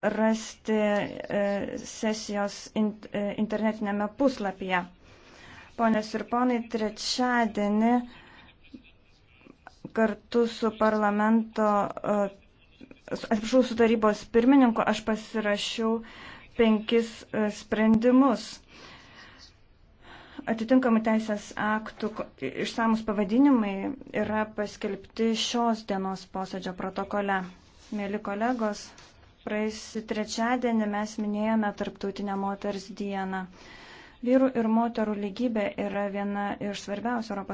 rasti e, sesijos e, internetinėme puslapyje. Ponės ir ponai, trečiadienį kartu su parlamento, e, atsiprašau, su tarybos pirmininku aš pasirašiau penkis sprendimus atitinkamų teisės aktų išsamus pavadinimai yra paskelbti šios dienos posėdžio protokole. Mėly kolegos, Praėjusį trečiadienį mes minėjome Tarptautinę moters dieną. Vyrų ir moterų lygybė yra viena iš svarbiausių